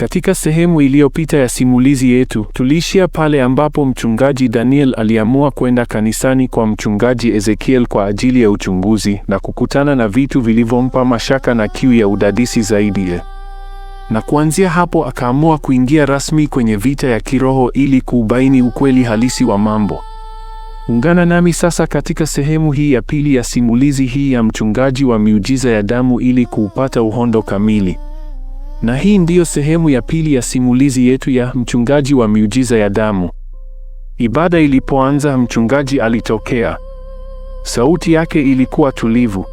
Katika sehemu iliyopita ya simulizi yetu, tuliishia pale ambapo mchungaji Daniel aliamua kwenda kanisani kwa mchungaji Ezekiel kwa ajili ya uchunguzi na kukutana na vitu vilivyompa mashaka na kiu ya udadisi zaidi. Na kuanzia hapo akaamua kuingia rasmi kwenye vita ya kiroho ili kuubaini ukweli halisi wa mambo. Ungana nami sasa katika sehemu hii ya pili ya simulizi hii ya mchungaji wa miujiza ya damu ili kuupata uhondo kamili. Na hii ndiyo sehemu ya pili ya simulizi yetu ya mchungaji wa miujiza ya damu. Ibada ilipoanza, mchungaji alitokea. Sauti yake ilikuwa tulivu,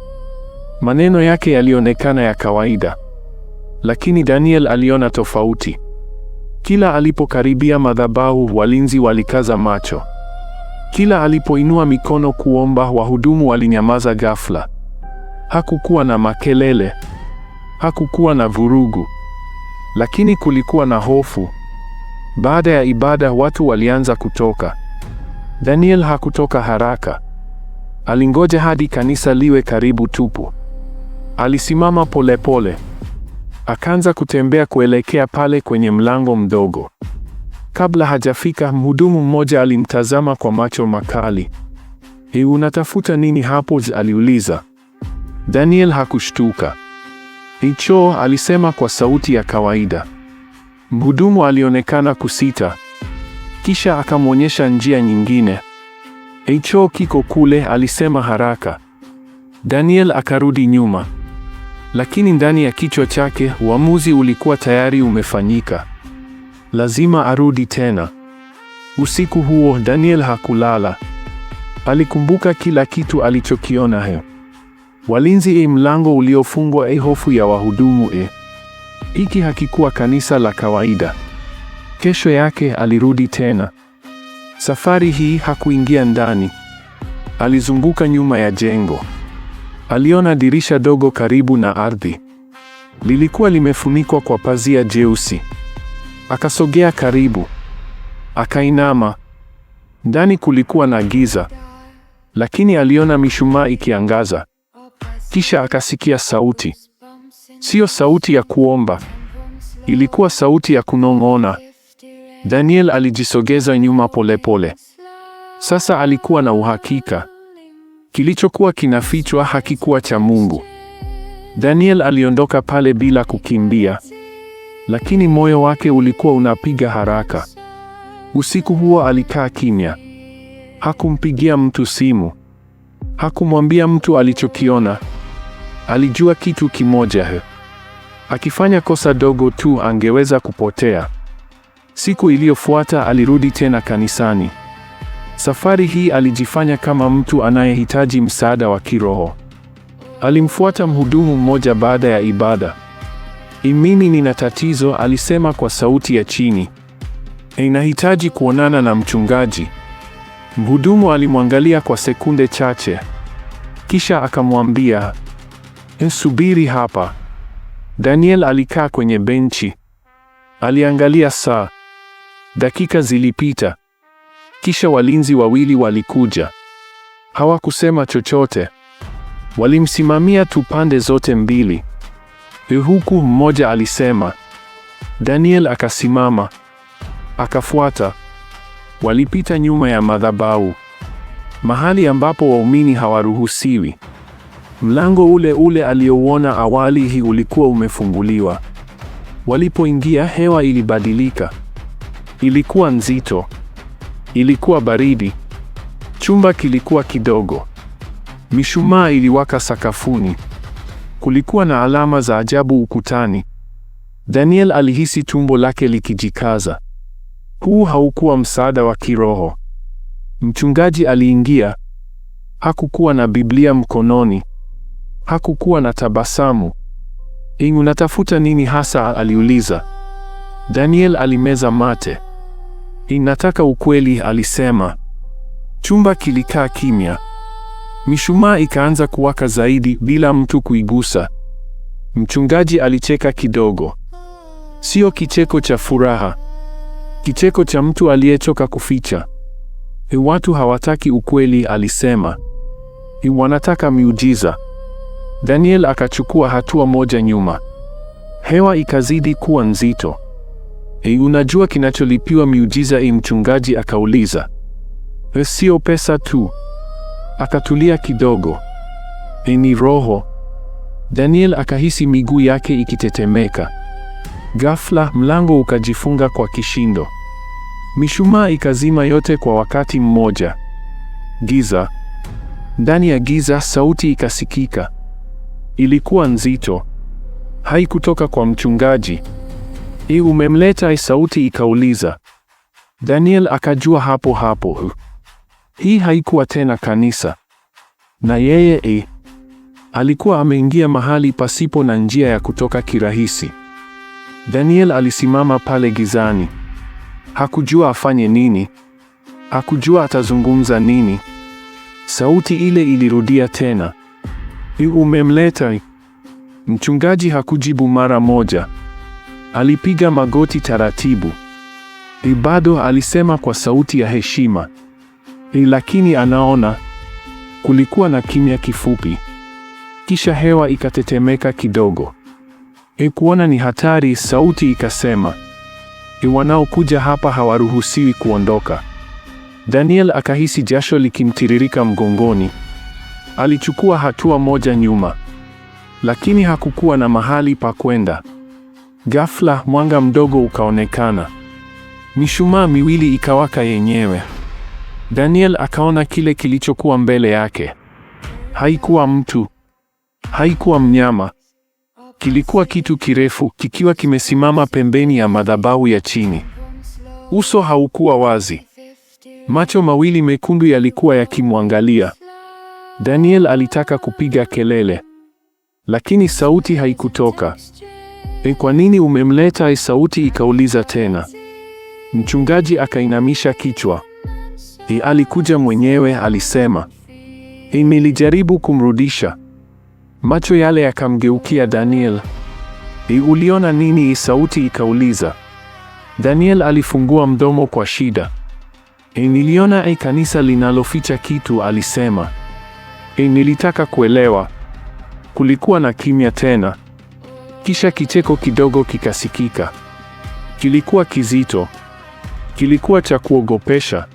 maneno yake yalionekana ya kawaida, lakini Daniel aliona tofauti. Kila alipokaribia madhabahu, walinzi walikaza macho. Kila alipoinua mikono kuomba, wahudumu walinyamaza ghafla. Hakukuwa na makelele, hakukuwa na vurugu. Lakini kulikuwa na hofu. Baada ya ibada watu walianza kutoka. Daniel hakutoka haraka. Alingoja hadi kanisa liwe karibu tupu. Alisimama polepole pole. Akaanza kutembea kuelekea pale kwenye mlango mdogo. Kabla hajafika, mhudumu mmoja alimtazama kwa macho makali. Hii, unatafuta nini hapo? aliuliza. Daniel hakushtuka. Icho alisema kwa sauti ya kawaida. Mhudumu alionekana kusita, kisha akamwonyesha njia nyingine. Icho kiko kule, alisema haraka. Daniel akarudi nyuma, lakini ndani ya kichwa chake uamuzi ulikuwa tayari umefanyika. Lazima arudi tena. Usiku huo Daniel hakulala. Alikumbuka kila kitu alichokiona hapo. Walinzi, e, mlango uliofungwa, e, hofu ya wahudumu, e. Hiki hakikuwa kanisa la kawaida. Kesho yake alirudi tena. Safari hii hakuingia ndani. Alizunguka nyuma ya jengo. Aliona dirisha dogo karibu na ardhi. Lilikuwa limefunikwa kwa pazia jeusi. Akasogea karibu. Akainama. Ndani kulikuwa na giza, lakini aliona mishumaa ikiangaza. Kisha akasikia sauti, siyo sauti ya kuomba, ilikuwa sauti ya kunong'ona. Daniel alijisogeza nyuma polepole pole. Sasa alikuwa na uhakika, kilichokuwa kinafichwa hakikuwa cha Mungu. Daniel aliondoka pale bila kukimbia, lakini moyo wake ulikuwa unapiga haraka. Usiku huo alikaa kimya, hakumpigia mtu simu, hakumwambia mtu alichokiona. Alijua kitu kimoja he. Akifanya kosa dogo tu angeweza kupotea. Siku iliyofuata alirudi tena kanisani. Safari hii alijifanya kama mtu anayehitaji msaada wa kiroho. Alimfuata mhudumu mmoja baada ya ibada. Imini, nina tatizo, alisema kwa sauti ya chini. Inahitaji kuonana na mchungaji. Mhudumu alimwangalia kwa sekunde chache, kisha akamwambia Eh, subiri hapa. Daniel alikaa kwenye benchi, aliangalia saa. Dakika zilipita, kisha walinzi wawili walikuja. Hawakusema chochote, walimsimamia tu pande zote mbili. Eh, huku mmoja alisema, Daniel akasimama, akafuata. Walipita nyuma ya madhabahu, mahali ambapo waumini hawaruhusiwi. Mlango ule ule aliouona awali hii ulikuwa umefunguliwa. Walipoingia hewa ilibadilika. Ilikuwa nzito. Ilikuwa baridi. Chumba kilikuwa kidogo. Mishumaa iliwaka sakafuni. Kulikuwa na alama za ajabu ukutani. Daniel alihisi tumbo lake likijikaza. Huu haukuwa msaada wa kiroho. Mchungaji aliingia. Hakukuwa na Biblia mkononi. Hakukuwa na tabasamu. ingu unatafuta nini hasa? aliuliza. Daniel alimeza mate. inataka ukweli, alisema. Chumba kilikaa kimya. Mishumaa ikaanza kuwaka zaidi bila mtu kuigusa. Mchungaji alicheka kidogo, sio kicheko cha furaha, kicheko cha mtu aliyechoka kuficha. E, watu hawataki ukweli, alisema. E, wanataka miujiza. Daniel akachukua hatua moja nyuma. Hewa ikazidi kuwa nzito. E, unajua kinacholipiwa miujiza i Mchungaji akauliza. E, sio pesa tu. Akatulia kidogo. E, ni roho. Daniel akahisi miguu yake ikitetemeka. Ghafla mlango ukajifunga kwa kishindo. Mishumaa ikazima yote kwa wakati mmoja. Giza. Ndani ya giza sauti ikasikika ilikuwa nzito, haikutoka kwa mchungaji. Hii umemleta? Sauti ikauliza. Daniel akajua hapo hapo, hii haikuwa tena kanisa, na yeye i e, alikuwa ameingia mahali pasipo na njia ya kutoka kirahisi. Daniel alisimama pale gizani, hakujua afanye nini, hakujua atazungumza nini. Sauti ile ilirudia tena. Umemleta? Mchungaji hakujibu mara moja. Alipiga magoti taratibu. Bado alisema kwa sauti ya heshima, eh, lakini anaona. Kulikuwa na kimya kifupi, kisha hewa ikatetemeka kidogo. e Kuona ni hatari, sauti ikasema, eh, wanaokuja hapa hawaruhusiwi kuondoka. Daniel akahisi jasho likimtiririka mgongoni. Alichukua hatua moja nyuma, lakini hakukuwa na mahali pa kwenda. Ghafla mwanga mdogo ukaonekana, mishumaa miwili ikawaka yenyewe. Daniel akaona kile kilichokuwa mbele yake. Haikuwa mtu, haikuwa mnyama, kilikuwa kitu kirefu kikiwa kimesimama pembeni ya madhabahu ya chini. Uso haukuwa wazi, macho mawili mekundu yalikuwa yakimwangalia. Daniel alitaka kupiga kelele, lakini sauti haikutoka. E, kwa nini umemleta? E, sauti ikauliza tena. Mchungaji akainamisha kichwa. E, alikuja mwenyewe, alisema. E, nilijaribu kumrudisha. Macho yale yakamgeukia Daniel. E, uliona nini? E, sauti ikauliza. Daniel alifungua mdomo kwa shida. E, niliona e, kanisa linaloficha kitu, alisema. E, nilitaka kuelewa. Kulikuwa na kimya tena, kisha kicheko kidogo kikasikika. Kilikuwa kizito, kilikuwa cha kuogopesha.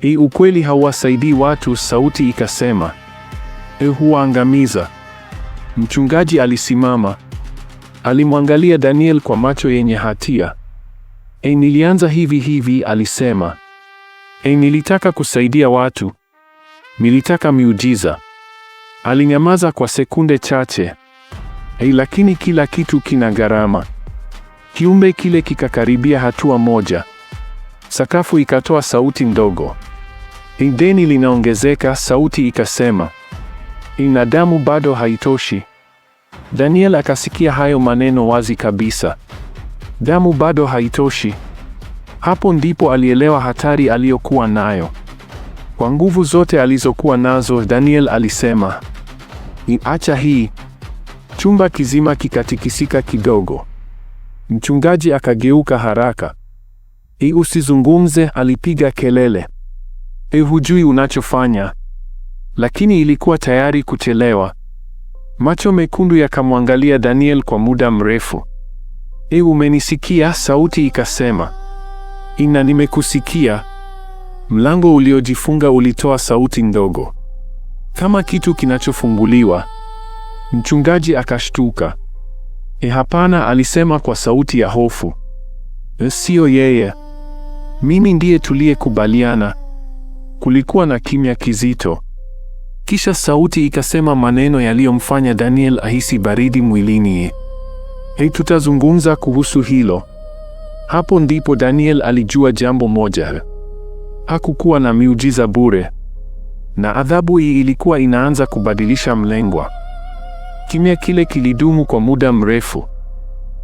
E, ukweli hauwasaidii watu, sauti ikasema. E, huwaangamiza. Mchungaji alisimama, alimwangalia Daniel kwa macho yenye hatia. E, nilianza hivi hivi, alisema. E, nilitaka kusaidia watu Nilitaka miujiza. Alinyamaza kwa sekunde chache. Hey, lakini kila kitu kina gharama. Kiumbe kile kikakaribia hatua moja. Sakafu ikatoa sauti ndogo. Hey, deni linaongezeka, sauti ikasema. Ina damu bado haitoshi. Daniel akasikia hayo maneno wazi kabisa. Damu bado haitoshi. Hapo ndipo alielewa hatari aliyokuwa nayo. Kwa nguvu zote alizokuwa nazo, Daniel alisema, iacha hii. Chumba kizima kikatikisika kidogo. Mchungaji akageuka haraka. Hii usizungumze, alipiga kelele. Hii hujui unachofanya. Lakini ilikuwa tayari kuchelewa. Macho mekundu yakamwangalia Daniel kwa muda mrefu. Hii umenisikia? Sauti ikasema. Ina, nimekusikia. Mlango uliojifunga ulitoa sauti ndogo kama kitu kinachofunguliwa. Mchungaji akashtuka. E, hapana, alisema kwa sauti ya hofu, eh, siyo yeye, mimi ndiye tuliyekubaliana. Kulikuwa na kimya kizito, kisha sauti ikasema maneno yaliyomfanya Daniel ahisi baridi mwilini. Hei, tutazungumza kuhusu hilo. Hapo ndipo Daniel alijua jambo moja. Hakukuwa na miujiza bure, na adhabu hii ilikuwa inaanza kubadilisha mlengwa. Kimya kile kilidumu kwa muda mrefu,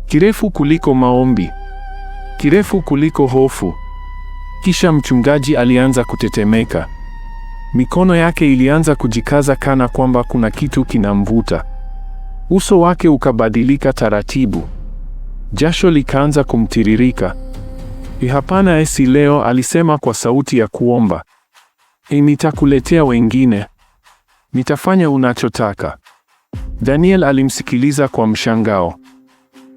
kirefu kuliko maombi, kirefu kuliko hofu. Kisha mchungaji alianza kutetemeka, mikono yake ilianza kujikaza kana kwamba kuna kitu kinamvuta. Uso wake ukabadilika taratibu, jasho likaanza kumtiririka. Hapana, esi leo, alisema kwa sauti ya kuomba. E, nitakuletea wengine, nitafanya unachotaka. Daniel alimsikiliza kwa mshangao.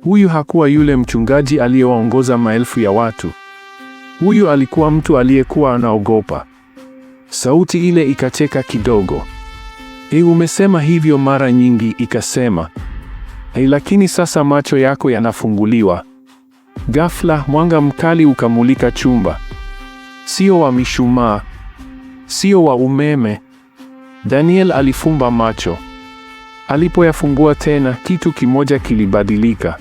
Huyu hakuwa yule mchungaji aliyewaongoza maelfu ya watu. Huyu alikuwa mtu aliyekuwa anaogopa. Sauti ile ikateka kidogo. E, umesema hivyo mara nyingi, ikasema. E, lakini sasa macho yako yanafunguliwa. Ghafla mwanga mkali ukamulika chumba, sio wa mishumaa, sio wa umeme. Daniel alifumba macho. Alipoyafungua tena, kitu kimoja kilibadilika.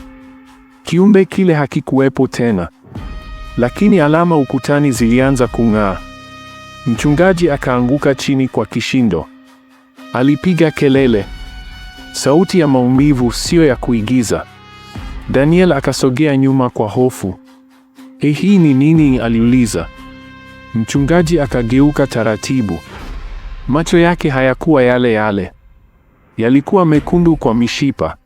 Kiumbe kile hakikuwepo tena, lakini alama ukutani zilianza kung'aa. Mchungaji akaanguka chini kwa kishindo. Alipiga kelele, sauti ya maumivu, siyo ya kuigiza. Daniel akasogea nyuma kwa hofu. E, hii ni nini? aliuliza. Mchungaji akageuka taratibu. Macho yake hayakuwa yale yale, yalikuwa mekundu kwa mishipa.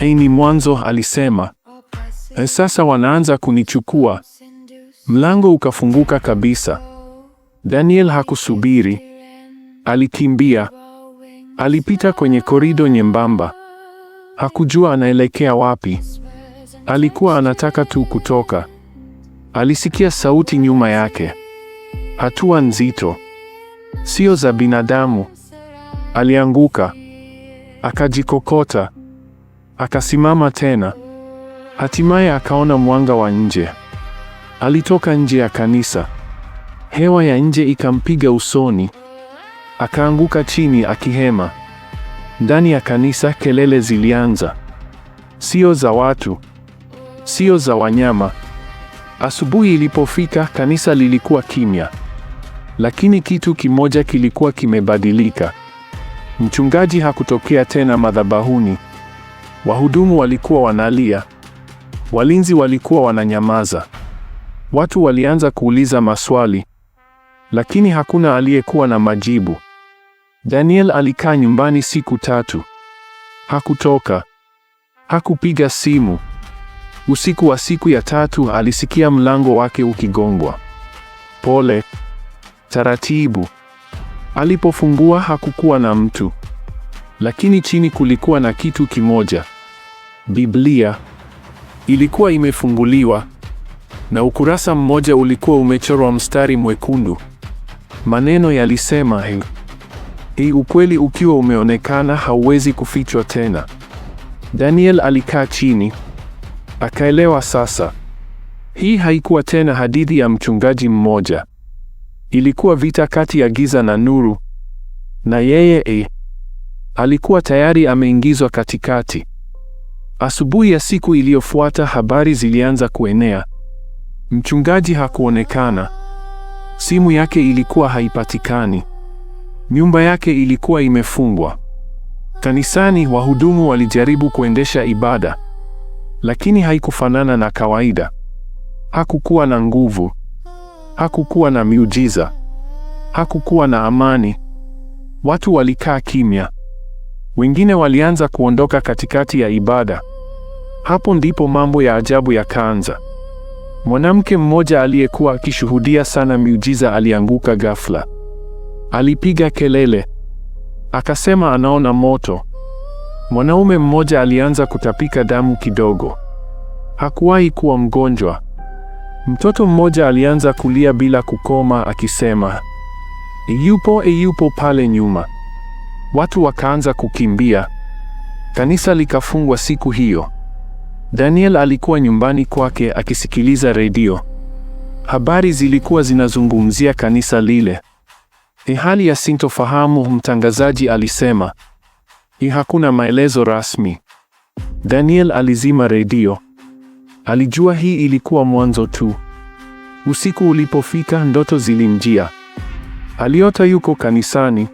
E, ni mwanzo, alisema. E, sasa wanaanza kunichukua. Mlango ukafunguka kabisa. Daniel hakusubiri, alikimbia. Alipita kwenye korido nyembamba Hakujua anaelekea wapi. Alikuwa anataka tu kutoka. Alisikia sauti nyuma yake, hatua nzito, sio za binadamu. Alianguka, akajikokota, akasimama tena. Hatimaye akaona mwanga wa nje. Alitoka nje ya kanisa, hewa ya nje ikampiga usoni, akaanguka chini akihema. Ndani ya kanisa kelele zilianza, sio za watu, sio za wanyama. Asubuhi ilipofika, kanisa lilikuwa kimya, lakini kitu kimoja kilikuwa kimebadilika. Mchungaji hakutokea tena madhabahuni, wahudumu walikuwa wanalia, walinzi walikuwa wananyamaza, watu walianza kuuliza maswali, lakini hakuna aliyekuwa na majibu. Daniel alikaa nyumbani siku tatu. Hakutoka, hakupiga simu. Usiku wa siku ya tatu alisikia mlango wake ukigongwa pole, taratibu. Alipofungua hakukuwa na mtu, lakini chini kulikuwa na kitu kimoja. Biblia ilikuwa imefunguliwa na ukurasa mmoja ulikuwa umechorwa mstari mwekundu. Maneno yalisema hii ukweli ukiwa umeonekana hauwezi kufichwa tena. Daniel alikaa chini, akaelewa sasa. Hii haikuwa tena hadithi ya mchungaji mmoja. Ilikuwa vita kati ya giza na nuru, na yeye e, alikuwa tayari ameingizwa katikati. Asubuhi ya siku iliyofuata, habari zilianza kuenea. Mchungaji hakuonekana, simu yake ilikuwa haipatikani, Nyumba yake ilikuwa imefungwa. Kanisani wahudumu walijaribu kuendesha ibada, lakini haikufanana na kawaida. Hakukuwa na nguvu, hakukuwa na miujiza, hakukuwa na amani. Watu walikaa kimya, wengine walianza kuondoka katikati ya ibada. Hapo ndipo mambo ya ajabu yakaanza. Mwanamke mmoja aliyekuwa akishuhudia sana miujiza alianguka ghafla. Alipiga kelele akasema anaona moto. Mwanaume mmoja alianza kutapika damu kidogo, hakuwahi kuwa mgonjwa. Mtoto mmoja alianza kulia bila kukoma akisema yupo yupo pale nyuma. Watu wakaanza kukimbia, kanisa likafungwa siku hiyo. Daniel alikuwa nyumbani kwake akisikiliza redio. Habari zilikuwa zinazungumzia kanisa lile. Ni hali ya sintofahamu, mtangazaji alisema. Ni hakuna maelezo rasmi. Daniel alizima redio. Alijua hii ilikuwa mwanzo tu. Usiku ulipofika, ndoto zilimjia. Aliota yuko kanisani,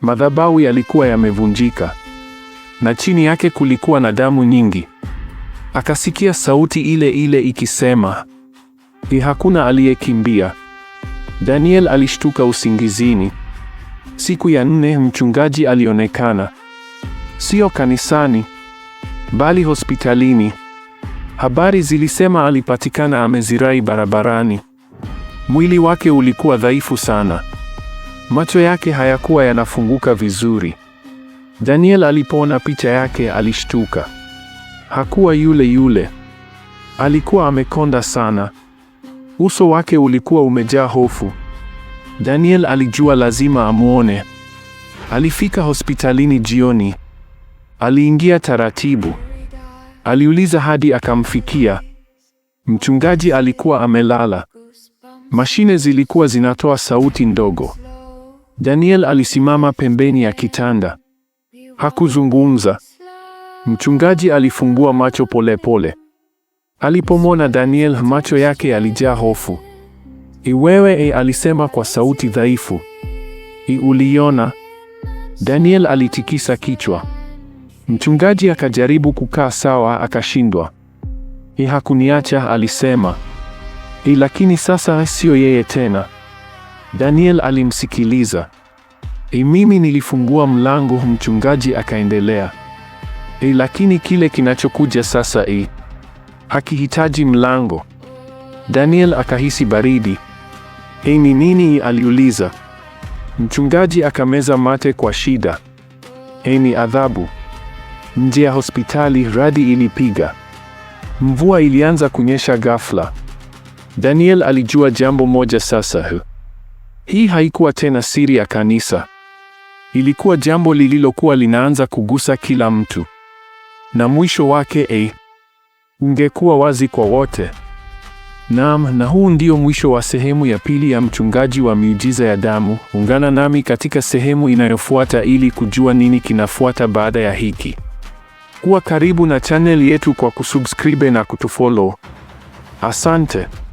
madhabahu yalikuwa yamevunjika na chini yake kulikuwa na damu nyingi. Akasikia sauti ile ile ikisema, ni hakuna aliyekimbia. Daniel alishtuka usingizini. Siku ya nne mchungaji alionekana, sio kanisani, bali hospitalini. Habari zilisema alipatikana amezirai barabarani. Mwili wake ulikuwa dhaifu sana, macho yake hayakuwa yanafunguka vizuri. Daniel alipoona picha yake alishtuka. Hakuwa yule yule, alikuwa amekonda sana. Uso wake ulikuwa umejaa hofu. Daniel alijua lazima amwone. Alifika hospitalini jioni. Aliingia taratibu. Aliuliza hadi akamfikia. Mchungaji alikuwa amelala. Mashine zilikuwa zinatoa sauti ndogo. Daniel alisimama pembeni ya kitanda. Hakuzungumza. Mchungaji alifungua macho polepole pole. Alipomwona Daniel macho yake yalijaa hofu. Iwewe, e, alisema kwa sauti dhaifu. I, uliona? Daniel alitikisa kichwa. Mchungaji akajaribu kukaa sawa, akashindwa. I, hakuniacha, alisema. I, lakini sasa e, siyo yeye tena. Daniel alimsikiliza. I, mimi nilifungua mlango, mchungaji akaendelea. I, lakini kile kinachokuja sasa i hakihitaji mlango. Daniel akahisi baridi. Hii ni nini? aliuliza. Mchungaji akameza mate kwa shida. Hii ni adhabu. Nje ya hospitali radi ilipiga. Mvua ilianza kunyesha ghafla. Daniel alijua jambo moja sasa. Hii haikuwa tena siri ya kanisa. Ilikuwa jambo lililokuwa linaanza kugusa kila mtu. Na mwisho wake eh, ungekuwa wazi kwa wote. Naam, na huu ndio mwisho wa sehemu ya pili ya Mchungaji wa Miujiza ya Damu. Ungana nami katika sehemu inayofuata ili kujua nini kinafuata baada ya hiki. Kuwa karibu na channel yetu kwa kusubscribe na kutufollow. Asante.